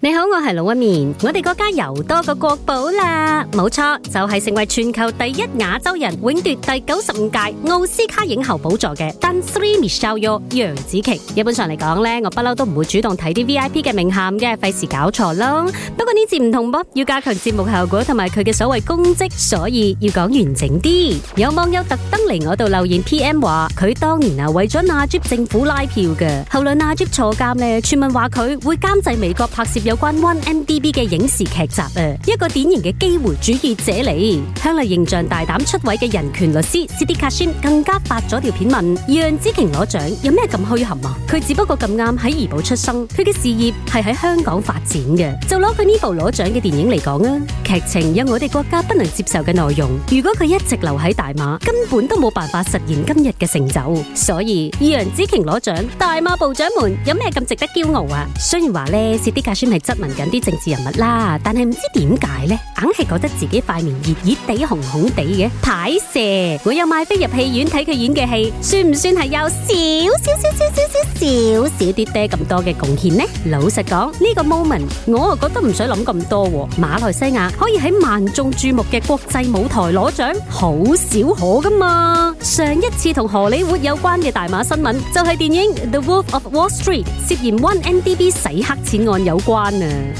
你好，我係龍紋敏，我哋國家又多個國寶啦，冇錯，就係成為全球第一亞洲人，永奪第九十五屆奧斯卡影后寶座嘅丹斯里 Michelle Yeoh 楊紫瓊。一般上嚟講咧，我不嬲都唔會主動睇啲 VIP 嘅名銜嘅，費事搞錯咯。不過呢次唔同啵，要加強節目效果同埋佢嘅所謂功績，所以要講完整啲。有網友特登嚟我度留言 PM 話，佢當年啊為咗阿 J 政府拉票嘅，後來阿 J 坐監咧，傳聞話佢會監製美國拍攝。有關 OneMDB 嘅影視劇集啊，一個典型嘅機會主義者嚟，向嚟形象大膽出位嘅人權律師史蒂卡宣更加發咗條片問：楊紫瓊攞獎有咩咁虛撼啊？佢只不過咁啱喺怡寶出生，佢嘅事業係喺香港發展嘅，就攞佢呢部攞獎嘅電影嚟講啊！劇情有我哋國家不能接受嘅內容，如果佢一直留喺大馬，根本都冇辦法實現今日嘅成就，所以楊紫瓊攞獎大馬部長們有咩咁值得驕傲啊？雖然話咧，史蒂卡宣明。質問緊啲政治人物啦，但係唔知點解呢，硬係覺得自己塊面熱熱地、紅紅地嘅排泄。我有買飛入戲院睇佢演嘅戲，算唔算係有少少少少少少少啲爹咁多嘅貢獻呢？老實講，呢個 moment 我又覺得唔使諗咁多。馬來西亞可以喺萬眾注目嘅國際舞台攞獎，好少可噶嘛？上一次同荷里活有關嘅大馬新聞，就係電影《The Wolf of Wall Street》涉嫌 1MDB 洗黑錢案有關。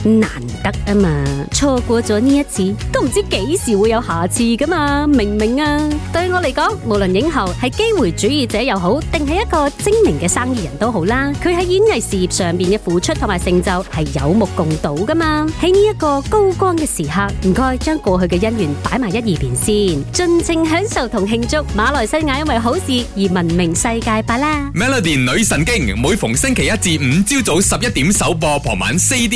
難得啊嘛，錯過咗呢一次，都唔知幾時會有下次噶嘛？明唔明啊？對我嚟講，無論影後係機會主義者又好，定係一個精明嘅生意人都好啦。佢喺演藝事業上面嘅付出同埋成就係有目共睹噶嘛。喺呢一個高光嘅時刻，唔該將過去嘅恩怨擺埋一二邊先，盡情享受同慶祝。馬來西亞因為好事而聞名世界，吧啦。Melody 女神經每逢星期一至五朝早十一點首播，傍晚四點。